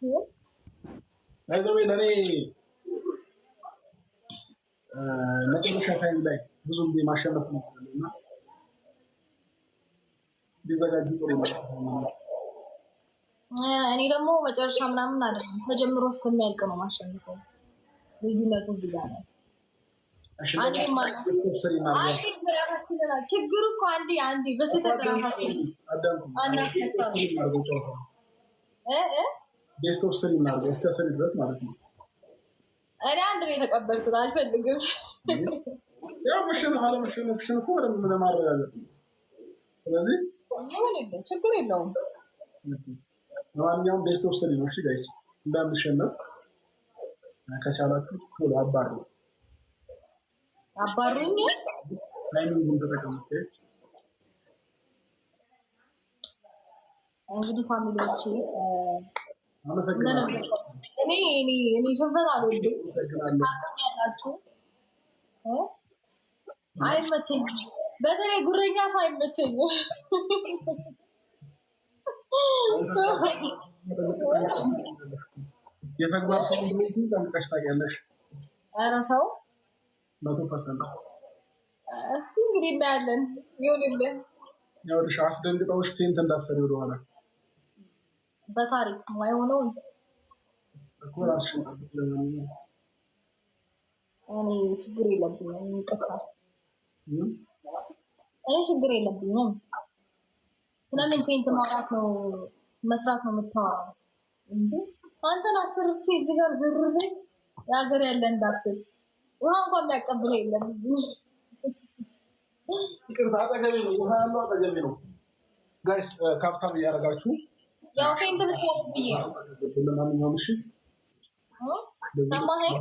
ለእኔ መጨረሻ ታይም ላይ ብዙ ጊዜ ማሸነፍ ነው እና ሊዘጋጁ ጥሩ እኔ ደግሞ መጨረሻ ምናምን አለ ተጀምሮ እስከሚያልቅ ነው ማሸነፈው። ልዩነቱ እዚህ ጋር ነው። ችግሩ እኮ አንዴ አንዴ በስተት ራሳችን አናስነሳ ዴስክቶፕ ስሪ ምናምን እስከ ስሪ ድረስ ማለት ነው። እኔ አንድ ነው የተቀበልኩት። አልፈልግም። ያው መሸነፍ አለመሸነፍሽን እኮ በደንብ ለማረጋገጥ ነው። ስለዚህ ችግር የለውም። ለማንኛውም ዴስክቶፕ ስሪ ነው። እሺ ጋይስ እንዳምሸነፍ ከቻላችሁ ቶሎ አባሩ አባሩኝ። ታይሚንግን ተጠቀሙት። እንግዲህ ፋሚሊዎቼ እኔ እኔ ሽንፈት አልወድም። ታቆኛላችሁ። አይመቸኝ፣ በተለይ ጉረኛ ሰው የተጓሰ ጠንቀሽ ታውቂያለሽ። ኧረ ተው መቶ ፐርሰንት። እስቲ እንግዲህ እናያለን። ይሁንልህ። ያው አስደንግጠውሽ ፔንት እንዳትሰሪ ወደኋላ በታሪክ የማይሆነው እኮ እኔ ችግር የለብኝም፣ ይቅርታ እኔ ችግር የለብኝም። ስለምን ማውራት ነው መስራት ነው የምታወራው እንዴ? አንተን አሰርቼ እዚህ ጋር የሀገር ያለ እንዳትል ውሃ እንኳን የሚያቀብለ የለም እዚህ ይቅርታ። አጠገቤ ነው፣ ውሃ ያለው አጠገቤ ነው። ጋይስ ካፕታን እያደረጋችሁ ያው ፌንት ልትወስድ ብዬ ነው። ሰማኸኝ?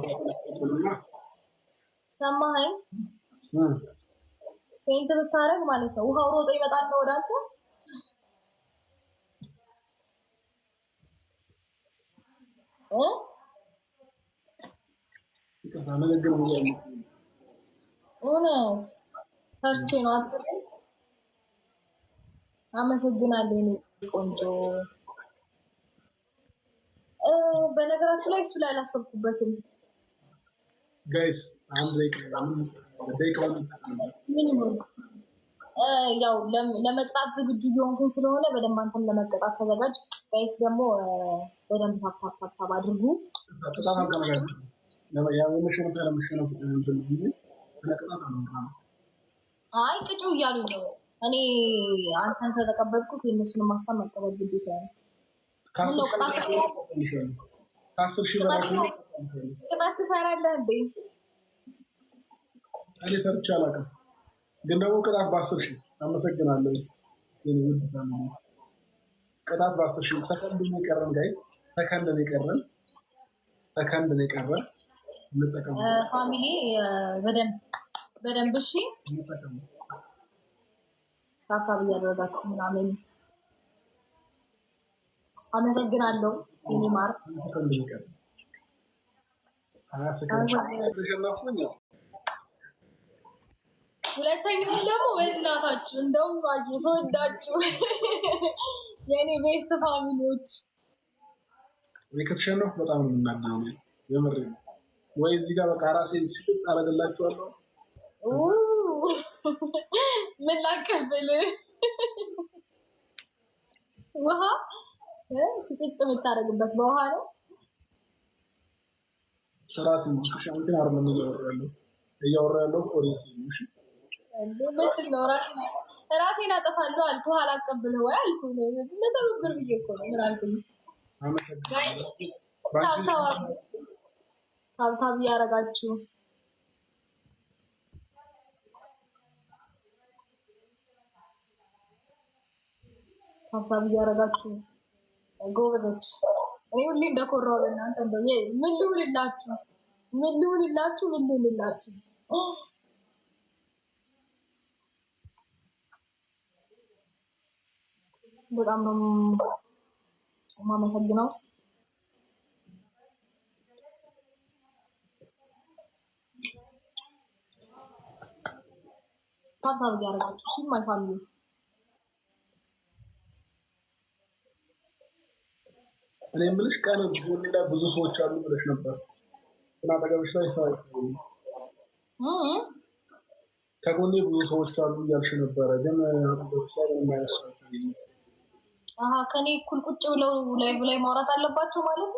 ሰማኸኝ? ፌንት ልታረግ ማለት ነው። ውሃው ሮጦ ይመጣል ነው ወደ እውነት ፈርቼ ነው። አመሰግናለሁ የእኔ ቆንጆ በነገራችሁ ላይ እሱ ላይ አላሰብኩበትም። ምን ይሆን ያው ለመቅጣት ዝግጁ እየሆንኩኝ ስለሆነ በደንብ አንተም ለመቀጣት ተዘጋጅ። ጋይስ ደግሞ በደንብ ታታታታብ አድርጉ። አይ ቅጩ እያሉ ነው። እኔ አንተን ከተቀበልኩት የእነሱን ማሳብ መቀበል ግዴታ ነው። ከአስር ሺህ በላይ ቅጣት ትፈራለህ እንዴ? እኔ ፈርቼ አላውቅም፣ ግን ደግሞ ቅጣት በአስር ሺህ አመሰግናለሁ። ቅጣት በአስር ሺህ ሰከንድ ነው የቀረን ጋይ ሰከንድ ነው የቀረን ሰከንድ ነው የቀረን። ፋሚሊ በደንብ በደንብ እሺ ታካብ እያደረጋችሁ ምናምን አመሰግናለሁ። ይኒማር ሁለተኛውን ደግሞ በእናታችሁ እንደውም ባየ ሰወዳችሁ የእኔ ቤስት ፋሚሊዎች ከተሸነፉ በጣም ወይ እዚህ ጋር በቃ ራሴ ምን ላቀብል ውሃ ስቂጥ የምታደርግበት በውሃ ነው። ስርዓት እንትን አይደለም እያወራ ያለው እያወራ ራሴን አጠፋለሁ አልኩ። አላቀብልህ ወይ አልኩ። ብዬ እኮ ነው። ታብታብ እያደረጋችሁ ታብታብ እያደረጋችሁ ጎበዞች ሁሌ እንደኮራው ለእናንተ እንደው ምን ልሁንላችሁ፣ ምን ልሁንላችሁ፣ ምን ልሁንላችሁ። በጣም ነው የማመሰግነው። ታታብ ያደርጋችሁ ሲማይፋሉ እኔ የምልሽ ቀን ሌላ ብዙ ሰዎች አሉ ብለሽ ነበር እና አጠገብሽ ላይ ሰው ከጎኔ ብዙ ሰዎች አሉ እያልሽ ነበረ፣ ግን ከኔ እኩል ቁጭ ብለው ላይ ላይ ማውራት አለባቸው ማለት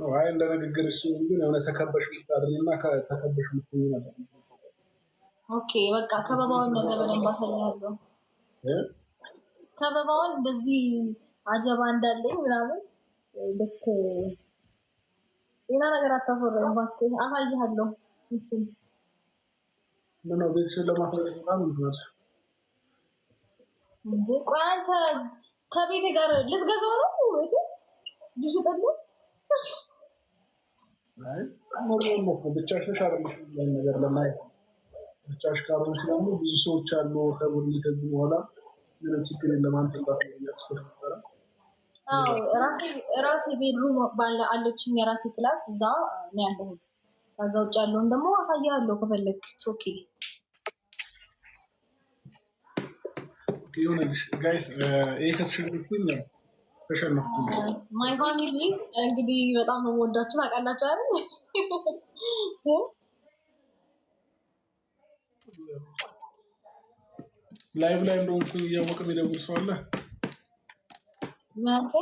ነው። አይ እንደ ንግግር እሱ ግን የሆነ ተከበሽ ምታደርግ እና ተከበሽ ምትኝ ነበር። ኦኬ በቃ ከበባውን ነገ በደንብ አሳያለሁ። ከበባውን በዚህ አጀባ እንዳለኝ ምናምን ልክ ሌላ ነገር አታስወራኝ እባክህ። አሳይሃለሁ ምስል ምነው ቤተሰብ ለማሳየት ቆይ አንተ ከቤቴ ጋር ልትገዛው ነው ቤት ብዙ ብቻሽ ብቻሽን ሻርምሽ ነገር ለማየት ብቻሽ ካሮች ደግሞ ብዙ ሰዎች አሉ ከቡድን ከዚህ በኋላ ምንም ችግር የለም አንተ እንዳትሆን ራሴ ቤድሩም ባለ አለችኝ የራሴ ክላስ እዛ ነው ያለሁት። ከዛ ውጭ ያለውን ደግሞ አሳያለሁ ከፈለግ። ቶኬ ማይ ፋሚሊ እንግዲህ በጣም ነው ወዳችሁ ታውቃላችሁ አይደል? ላይቭ ላይ እንደሆንኩ እያወቅ የሚደውል ሰው አለ። Non.